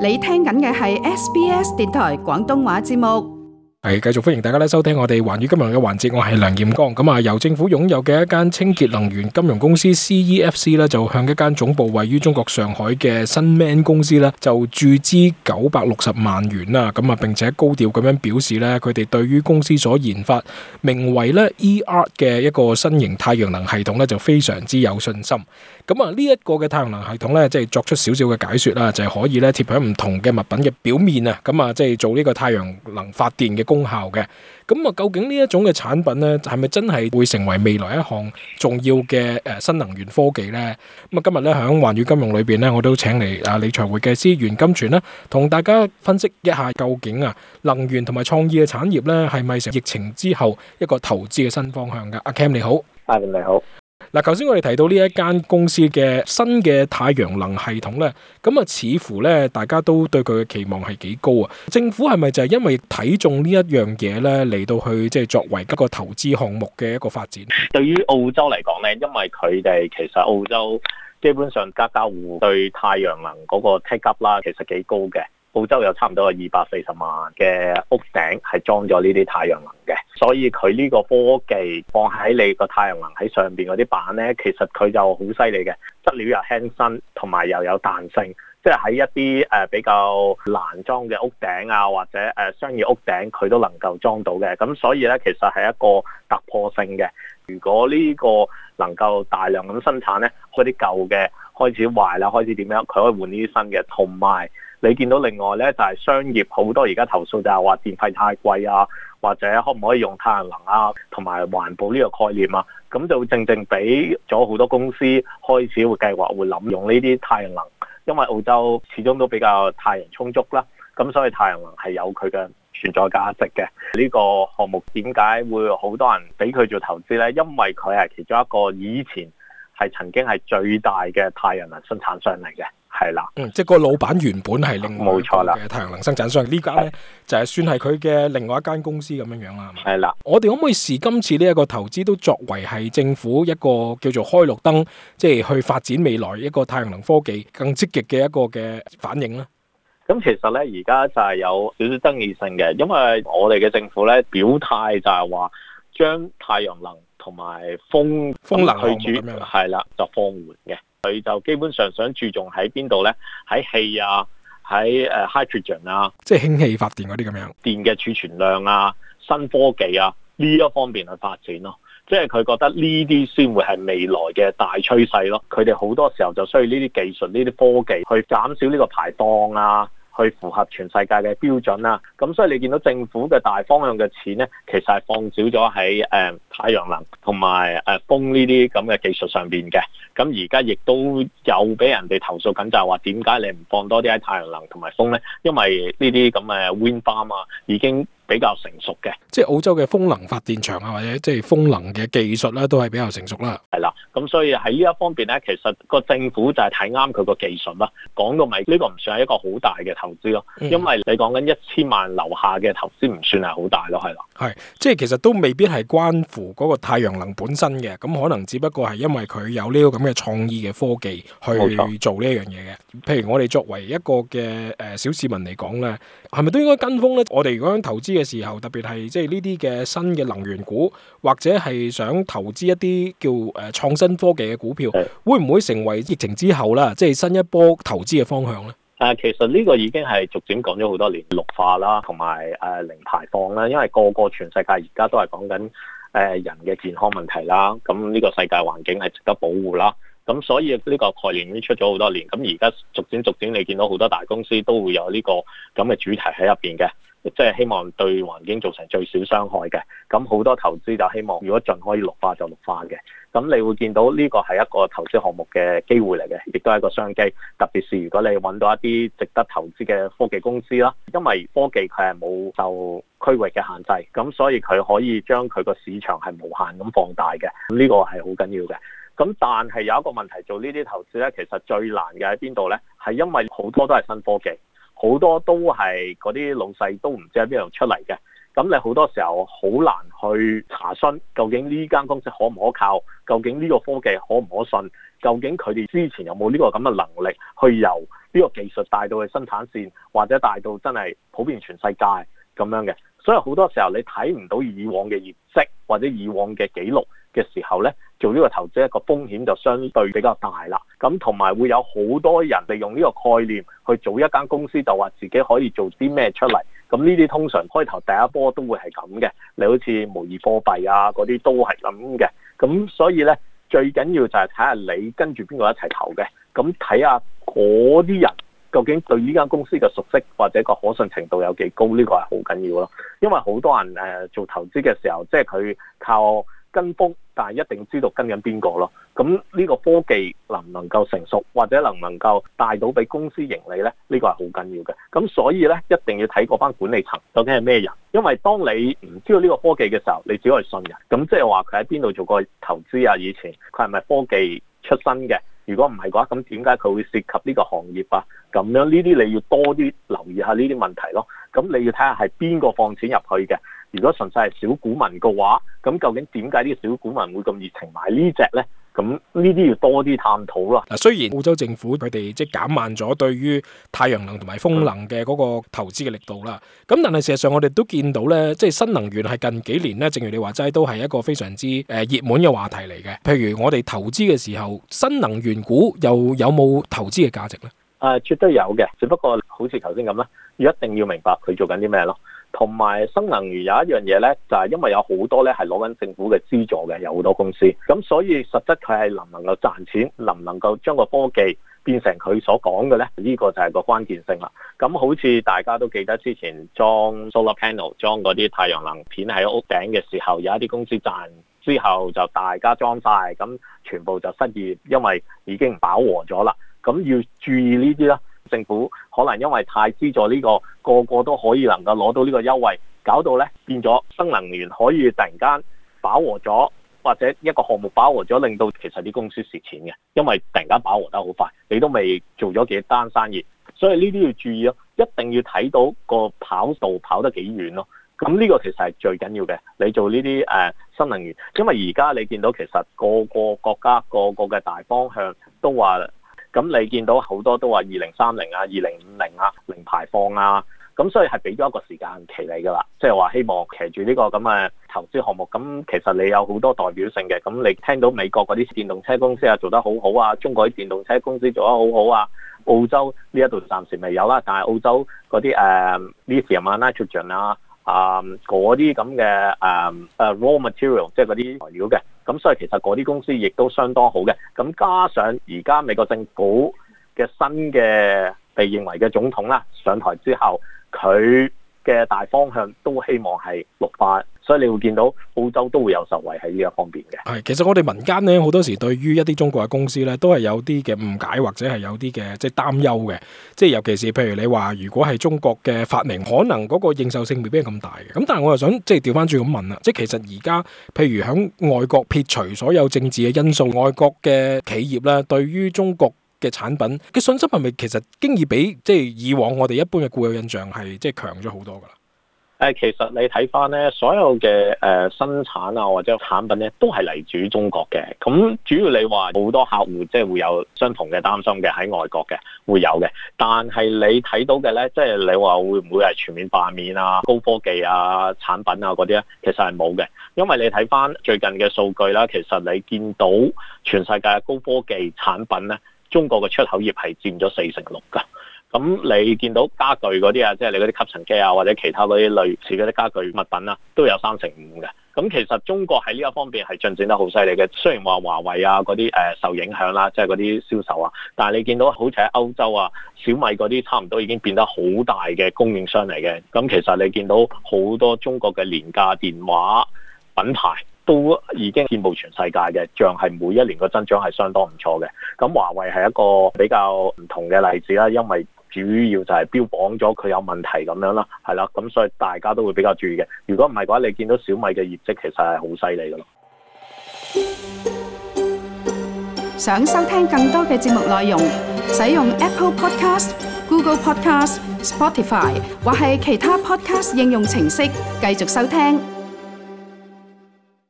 你聽緊嘅係 SBS 電台廣東話節目。係繼續歡迎大家咧收聽我哋寰宇金融嘅環節，我係梁艷光。咁啊，由政府擁有嘅一間清潔能源金融公司 CEFC 咧，就向一間總部位於中國上海嘅 Sunman 公司咧，就注資九百六十萬元啊！咁啊，並且高調咁樣表示咧，佢哋對於公司所研發名為咧 eArc 嘅一個新型太陽能系統咧，就非常之有信心。咁啊，呢一個嘅太陽能系統咧，即係作出少少嘅解說啦，就係、是、可以咧貼喺唔同嘅物品嘅表面啊，咁啊，即係做呢個太陽能發電嘅。功效嘅，咁啊，究竟呢一種嘅產品咧，係咪真係會成為未來一項重要嘅誒新能源科技咧？咁啊，今日咧喺寰宇金融裏邊咧，我都請嚟啊理財會計師袁金泉啦，同大家分析一下究竟啊能源同埋創意嘅產業咧，係咪喺疫情之後一個投資嘅新方向噶？阿 Cam 你好，阿連你好。嗱，頭先我哋提到呢一間公司嘅新嘅太陽能系統咧，咁啊似乎咧大家都對佢嘅期望係幾高啊？政府係咪就係因為睇中呢一樣嘢咧嚟到去即係作為一個投資項目嘅一個發展？對於澳洲嚟講咧，因為佢哋其實澳洲基本上家家戶戶對太陽能嗰個 take up 啦，其實幾高嘅。澳洲有差唔多有二百四十萬嘅屋頂係裝咗呢啲太陽能嘅，所以佢呢個科技放喺你個太陽能喺上邊嗰啲板呢，其實佢就好犀利嘅，質料又輕身，同埋又有彈性，即係喺一啲誒比較難裝嘅屋頂啊，或者誒商業屋頂，佢都能夠裝到嘅。咁所以呢，其實係一個突破性嘅。如果呢個能夠大量咁生產呢，嗰啲舊嘅開始壞啦，開始點樣，佢可以換呢啲新嘅，同埋。你見到另外咧，就係商業好多而家投訴就係話電費太貴啊，或者可唔可以用太陽能啊，同埋環保呢個概念啊，咁就正正俾咗好多公司開始會計劃會諗用呢啲太陽能，因為澳洲始終都比較太陽充足啦，咁所以太陽能係有佢嘅存在價值嘅。呢個項目點解會好多人俾佢做投資呢？因為佢係其中一個以前。係曾經係最大嘅太陽能生產商嚟嘅，係啦，嗯，即係個老闆原本係另外嘅太陽能生產商，呢家咧的就係算係佢嘅另外一間公司咁樣樣啦。係啦的，我哋可唔可以視今次呢一個投資都作為係政府一個叫做開綠燈，即係去發展未來一個太陽能科技更積極嘅一個嘅反應咧？咁其實咧，而家就係有少少爭議性嘅，因為我哋嘅政府咧表態就係話將太陽能。同埋風風能去轉，係啦樣就放緩嘅。佢就基本上想注重喺邊度咧？喺氣啊，喺誒 hydrogen 啊，即係氫氣發電嗰啲咁樣。電嘅儲存量啊，新科技啊呢一方面去發展咯、啊。即係佢覺得呢啲先會係未來嘅大趨勢咯。佢哋好多時候就需要呢啲技術、呢啲科技去減少呢個排放啦、啊。去符合全世界嘅標準啦、啊，咁所以你見到政府嘅大方向嘅錢咧，其實係放少咗喺誒太陽能同埋誒風呢啲咁嘅技術上邊嘅。咁而家亦都有俾人哋投訴緊，就係話：「點解你唔放多啲喺太陽能同埋風咧？」因為呢啲咁嘅 wind farm 啊，已經比較成熟嘅。即係澳洲嘅風能發電場啊，或者即係風能嘅技術咧、啊，都係比較成熟啦。係啦。咁所以喺呢一方面咧，其實個政府就係睇啱佢個技術啦。講到咪呢個唔算係一個好大嘅投資咯，因為你講緊一千萬樓下嘅投資唔算係好大咯，係啦，係，即係其實都未必係關乎嗰個太陽能本身嘅，咁可能只不過係因為佢有呢個咁嘅創意嘅科技去冇錯，做呢樣嘢嘅。譬如我哋作為一個嘅誒小市民嚟講咧，係咪都應該跟風呢？我哋如果喺投資嘅時候，特別係即係呢啲嘅新嘅能源股，或者係想投資一啲叫誒創新科技嘅股票，是會唔會成為疫情之後啦，即係新一波投資嘅方向呢？誒，其實呢個已經係逐漸講咗好多年綠化啦，同埋誒零排放啦。因為個個全世界而家都係講緊誒人嘅健康問題啦，咁、這、呢個世界環境係值得保護啦。咁所以呢個概念已經出咗好多年，咁而家逐漸逐漸你見到好多大公司都會有呢個咁嘅主題喺入邊嘅，即係希望對環境造成最少傷害嘅。咁好多投資就希望，如果盡可以綠化就綠化嘅。咁你會見到呢個係一個投資項目嘅機會嚟嘅，亦都係一個商機，特別是如果你揾到一啲值得投資嘅科技公司啦，因為科技佢係冇受區域嘅限制，咁所以佢可以將佢個市場係無限咁放大嘅。呢個係好緊要嘅。咁但係有一個問題，做呢啲投資咧，其實最難嘅喺邊度咧？係因為好多都係新科技，好多都係嗰啲老細都唔知喺邊度出嚟嘅。咁你好多時候好難去查詢，究竟呢間公司可唔可靠？究竟呢個科技可唔可信？究竟佢哋之前有冇呢個咁嘅能力去由呢個技術帶到去生產線，或者帶到真係普遍全世界咁樣嘅？所以好多時候你睇唔到以往嘅業績或者以往嘅記錄，嘅時候咧，做呢個投資一個風險就相對比較大啦。咁同埋會有好多人利用呢個概念去做一間公司，就話自己可以做啲咩出嚟。咁呢啲通常開頭第一波都會係咁嘅。你好似模擬貨幣啊，嗰啲都係咁嘅。咁所以咧，最緊要就係睇下你跟住邊個一齊投嘅，咁睇下嗰啲人究竟對呢間公司嘅熟悉或者個可信程度有幾高，呢個係好緊要咯。因為好多人誒做投資嘅時候，即係佢靠跟風。但係一定知道跟緊邊個咯，咁呢個科技能唔能夠成熟，或者能唔能夠帶到俾公司盈利咧？呢個係好緊要嘅。咁所以咧，一定要睇嗰班管理層究竟係咩人，因為當你唔知道呢個科技嘅時候，你只可以信人。咁即係話，佢喺邊度做過投資啊？以前佢係咪科技出身嘅？如果唔係嘅話，咁點解佢會涉及呢個行業啊？咁樣呢啲你要多啲留意下呢啲問題咯。咁你要睇下係邊個放錢入去嘅。如果純粹係小股民嘅話，咁究竟點解啲小股民會咁熱情買呢隻呢？咁呢啲要多啲探討啦。嗱，雖然澳洲政府佢哋即係減慢咗對於太陽能同埋風能嘅嗰個投資嘅力度啦，咁、嗯、但係事實上我哋都見到呢，即係新能源係近幾年呢，正如你話齋，都係一個非常之誒熱門嘅話題嚟嘅。譬如我哋投資嘅時候，新能源股又有冇投資嘅價值呢？啊，絕對有嘅，只不過好似頭先咁啦，一定要明白佢做緊啲咩咯。同埋新能源有一樣嘢咧，就係、是、因為有好多咧係攞緊政府嘅資助嘅，有好多公司，咁所以實質佢係能唔能夠賺錢，能唔能夠將個科技變成佢所講嘅咧？呢、這個就係個關鍵性啦。咁好似大家都記得之前裝 solar panel 裝嗰啲太陽能片喺屋頂嘅時候，有一啲公司賺之後就大家裝晒，咁全部就失業，因為已經飽和咗啦。咁要注意呢啲啦。政府可能因為太資助呢個，個個都可以能夠攞到呢個優惠，搞到咧變咗新能源可以突然間飽和咗，或者一個項目飽和咗，令到其實啲公司蝕錢嘅，因為突然間飽和得好快，你都未做咗幾單生意，所以呢啲要注意咯，一定要睇到個跑道跑得幾遠咯，咁呢個其實係最緊要嘅。你做呢啲誒新能源，因為而家你見到其實個個國家個個嘅大方向都話。咁你見到好多都話二零三零啊、二零五零啊、零排放啊，咁所以係俾咗一個時間期嚟㗎啦，即係話希望騎住呢個咁嘅投資項目。咁其實你有好多代表性嘅，咁你聽到美國嗰啲電動車公司啊做得好好啊，中國啲電動車公司做得好好啊，澳洲呢一度暫時未有啦，但係澳洲嗰啲誒 lithium 啊、nitrogen 啊啊嗰啲咁嘅誒誒 raw material，即係嗰啲材料嘅。咁所以其實嗰啲公司亦都相當好嘅，咁加上而家美國政府嘅新嘅被認為嘅總統啦，上台之後，佢嘅大方向都希望係綠化，所以你會見到澳洲都會有受惠喺呢一方面嘅。係，其實我哋民間咧好多時對於一啲中國嘅公司咧，都係有啲嘅誤解或者係有啲嘅即係擔憂嘅。即係尤其是譬如你話，如果係中國嘅發明，可能嗰個認受性未必咁大嘅。咁但係我又想即係調翻轉咁問啦，即係其實而家譬如喺外國撇除所有政治嘅因素，外國嘅企業咧對於中國。嘅產品嘅信心係咪其實經已比即係以往我哋一般嘅固有印象係即係強咗好多噶啦？誒，其實你睇翻咧，所有嘅誒、呃、生產啊或者產品咧，都係嚟自中國嘅。咁主要你話好多客戶即係會有相同嘅擔心嘅喺外國嘅會有嘅，但係你睇到嘅咧，即係你話會唔會係全面罷免啊、高科技啊產品啊嗰啲咧？其實係冇嘅，因為你睇翻最近嘅數據啦，其實你見到全世界嘅高科技產品咧。中國嘅出口業係佔咗四成六㗎，咁你見到家具嗰啲啊，即係你嗰啲吸塵機啊，或者其他啲類似嗰啲傢俱物品啊，都有三成五嘅。咁其實中國喺呢一方面係進展得好犀利嘅。雖然話華為啊嗰啲誒受影響啦、啊，即係嗰啲銷售啊，但係你見到好似喺歐洲啊，小米嗰啲差唔多已經變得好大嘅供應商嚟嘅。咁其實你見到好多中國嘅廉價電話品牌。都已經遍佈全世界嘅，像係每一年個增長係相當唔錯嘅。咁華為係一個比較唔同嘅例子啦，因為主要就係標榜咗佢有問題咁樣啦，係啦，咁所以大家都會比較注意嘅。如果唔係嘅話，你見到小米嘅業績其實係好犀利噶咯。想收聽更多嘅節目內容，使用 Apple Podcast、Google Podcast、Spotify 或係其他 Podcast 應用程式繼續收聽。